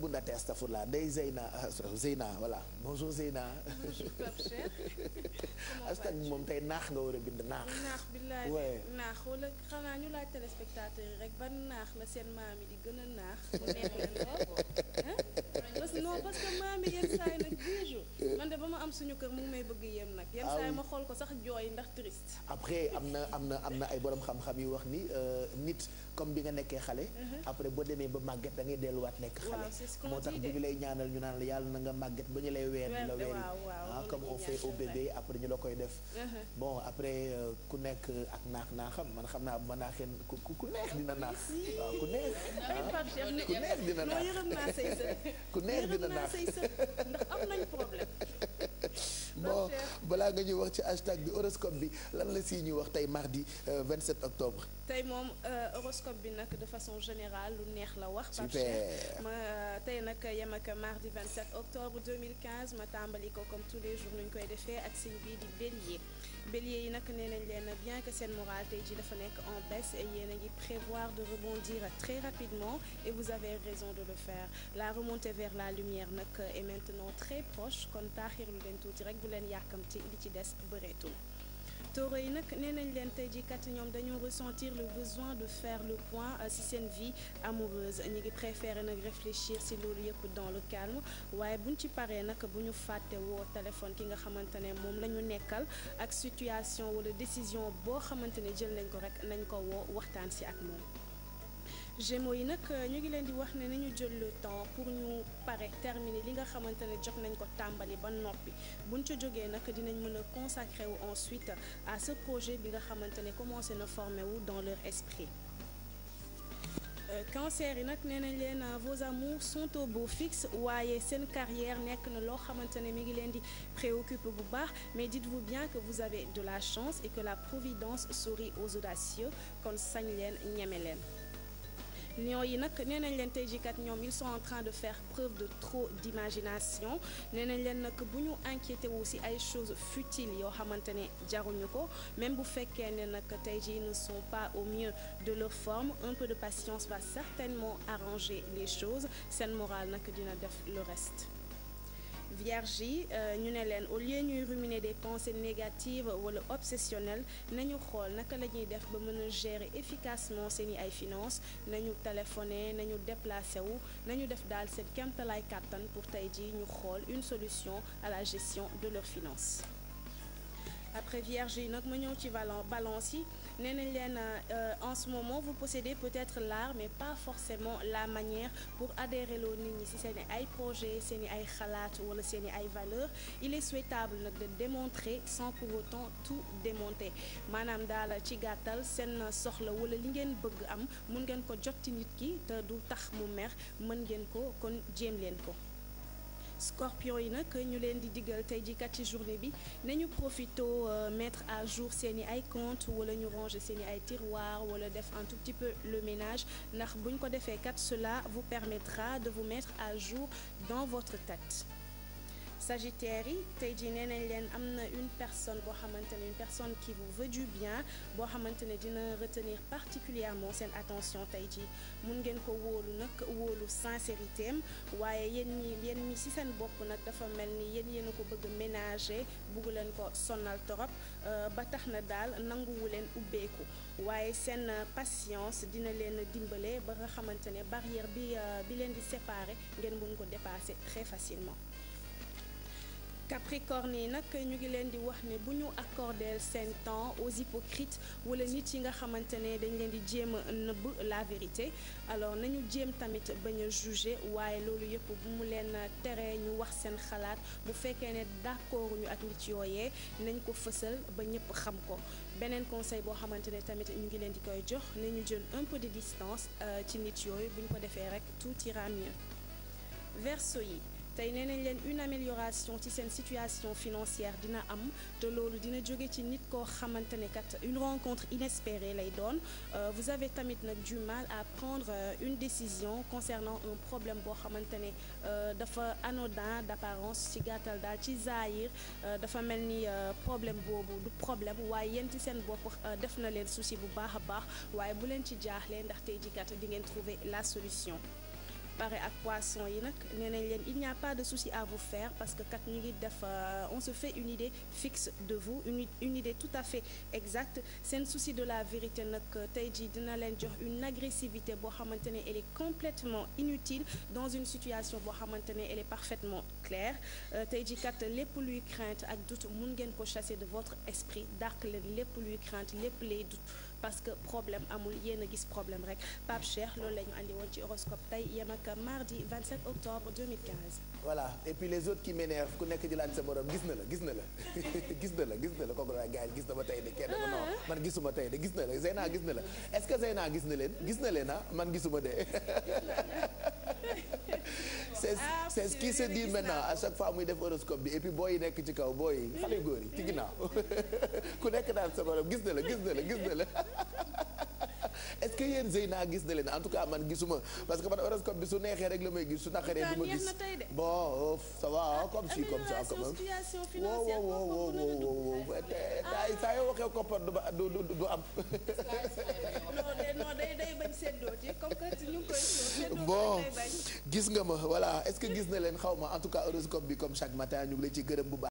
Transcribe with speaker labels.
Speaker 1: Bundaate astafurla day Zeyna ah, Zeyna voilà bonjour Zeyna. bonjour
Speaker 2: Pape Cheikh.
Speaker 1: moom tey naax nga war a bind naax. naax
Speaker 2: bi naax wala xanaa ñu laaj téléspectateur yi rek ban naax la seen maam yi di gën a naax. mu neex leen lool parce parce que maami yenn saa nag bijou man de ba ma am suñu kër mu ngi may bëgg yem nag yenn saa ma xool ko sax jooy ndax triste
Speaker 1: après am na am na am na ay boroom xam-xam yu wax ni euh, nit comme bi nga nekkee xale mhm. après boo demee ba màgget da ngay delluwaat nekk xale moo tax bu ñu lay ñaanal ñu naan la yàlla na nga màgget ba ñu lay weer la weer ah comme on fait au après ñu la koy def mhm. bon après euh, ku nekk ak naax naaxam man xam naa bu ma naaxeen ku neex dina naax affaire bi bon balaa nga ñuy wax ci hashtag bi horoscope bi lan la si ñuy wax tey mardi 27 euh, octobre.
Speaker 2: tey moom euh, horoscope bi nag de façon générale lu neex la wax. super ma tey nak yem ak mardi 27 octobre 2015 ma tàmbali ko comme tous les jours nu ñu koy defee ak signe bii di bélier bélier yi nag nee nañ leen bien que seen moral tey ji dafa nekk en baisse et yéen a ngi prévoir de rebondir très rapidement et vous avez raison de le faire la remontée vers la lumière nag est maintenant très proche kon taaxirlu leen tuuti rek bu leen yàkkamti li ci des bëreetul. toro yi nag nee nañ leen tey jii kat ñoom dañoo ressentir le besoin de faire le point ci euh, seen vie amoureuse ñu ngi préférer nag réfléchir ci loolu yëpp dans le calme waaye buñ ci paree nag bu ñu fàtte woo téléphone ki nga xamante ne moom la ñu nekkal ak situation wala décision boo xamante ne jël nañ ko rek nañ ko woo waxtaan ci ak moom. Gémeaux yi nag euh, ñu ngi leen di wax ne nañu jël le temps pour ñu pare terminer li nga xamante ne jox nañ ko tàmbali ba noppi buñ ca jógee nag dinañ mën a consacrer wu ensuite à ce projet bi nga xamante ne commencé na former wu dans leur esprit. Euh, cancer yi nag nee na leen euh, vos amours sont au beau fixe waaye seen carrière nekk na loo xamante ne mi ngi leen di préoccuper bu baax mais dites-vous bien que vous avez de la chance et que la providence sourit kon sañ leen ñeme leen. lions yi nag nee nañ leen tey jii kat ñoom ils sont en train de faire preuve de trop d'imagination nee nañ leen nag bu ñu inquiété wu si ay choses futiles yoo xamante ne jaruñu ko même bu fekkee ne nag tey jii ne sont pas au mieux de leur forme un peu de patience va certainement arranger les choses seen morale nag dina def le reste vierge yi euh, ñu ne leen au lieu ñuy ruminer des pensées négatives wala obsessionnelles nañu xool naka la ñuy def ba mën a gérer efficacement seen i ay finances nañu téléphoner nañu déplacé wu nañu def daal seen kéemtalaay kàttan pour tey jii ñu xool une solution à la gestion de leurs finances après vierge yi nag ma ñëw ci valon balance yi nee nañ leen euh, en ce moment vous possédez peut-être l'art mais pas forcément la manière pour adhérer loo nit ñi ci seen ay projet seen i ay xalaat wala seen i ay valeur il est souhaitable nag de démontrer sans pour autant tout démonter maanaam daal ci gàttal seen soxla wala li ngeen bëgg am mun ngeen ko jot ci nit ki te du tax mu mer mën ngeen ko kon jéem leen ko scorpion yi nag ñu leen di diggal tey ji kat ci journée bi nañu profito euh, mettre à jour seen i ay compte wala ñu ranger seen i ay tiroir wala def un tout petit peu le ménage ndax buñ ko defee kat cela vous permettra de vous mettre à jour dans votre tête sagittaires yi tey jii nee nañ leen am na une personne boo xamante ne une personne qui bu veut du bien boo xamante ne dina retenir particulièrement seen attention tey jii mun ngeen ko wóolu nag wóolu sincérité am waaye yéen ñi yéen ñi seen bopp nag dafa mel ni yéen yéen a ko bëgg ménager bugg leen ko sonnal torop euh, ba tax na daal nanguwu leen ubbeeku waaye seen patience dina leen dimbale ba nga xamante ne barrière bi euh, bi leen di séparer ngeen mun ko dépasser très facilement Capricorne yi nag ñu ngi leen di wax ne bu ñu accordeel seen temps aux hypocrites wala nit yi nga xamante ne dañ leen di jéem a nëbb la vérité alors nañu jéem tamit bañ a juger waaye loolu yëpp bu mu leen teree ñu wax seen xalaat bu fekkee ne d'accord ñu ak nit yooyee nañ ko fësal ba ñëpp xam ko beneen conseil boo xamante ne tamit ñu ngi leen di koy jox nañu jël un peu de distance euh, ci nit yooyu bu ñu ko defee rek tout ira mieux verseau yi tey nee nañ leen une amélioration ci seen situation financière dina am te loolu dina jóge ci nit koo xamante ne kat une rencontre inespérée lay doon euh, vous avez tamit nag du mal à prendre euh, une décision concernant un problème boo xamante ne euh, dafa anodin d'apparence ci gàttal daal ci zaahir dafa mel ni problème boobu du problème waaye yéen ci seen bopp def na leen souci bu baax a baax waaye bu leen ci jaaxle ndax tey ji kat di ngeen trouver la solution. pare ak poisson yi nag nee nañ leen il n'y a pas de souci à vous faire parce que kat ñu ngi def euh, on se fait une idée fixe de vous une une idée tout à fait exacte seen souci de la vérité nag euh, tey jii dina leen jox une agressivité boo xamante ne elle est complètement inutile dans une situation boo xamante ne elle est parfaitement claire euh, tey jii kat lépp luy crainte ak doute mun ngeen ko chasser de votre esprit dàq leen lépp luy crainte lépp lay doute parce que problème amul yéen gis problème rek Pape Cheikh lool la ñu andi woon ci horoscope tey yem ak mardi 27 octobre 2015.
Speaker 1: voilà et les autres qui m'énervent ku nekk di laan sa morom gis na la gis na la gis na la gis kooku daal gars gis na ba tey de kenn ma non man gisuma tey de gis na la Zeyna gis na la est-ce que Zeyna gis na leen gis na leen ah man gisuma de. c'est ce qui se dit maintenant à chaque fois muy def horoscope bi et puis booy nekk ci kaw booy xale yu góor yi ci ginnaaw ku nekk daal sa borom gis na la gis na la gis na la est-ce gis na leen en tout cas man gisuma parce que man horoscope bi su neexee rek la may gis su naqaree du ma gis bon ça o ah, comme si comme ça quand
Speaker 2: même wow wow wow
Speaker 1: wow wow tey saa yoo waxee du am bon gis nga ma voilà est-ce que gis na leen xaw en tout cas horoscope bi comme chaque matin ñu la ci gërëm bu baax.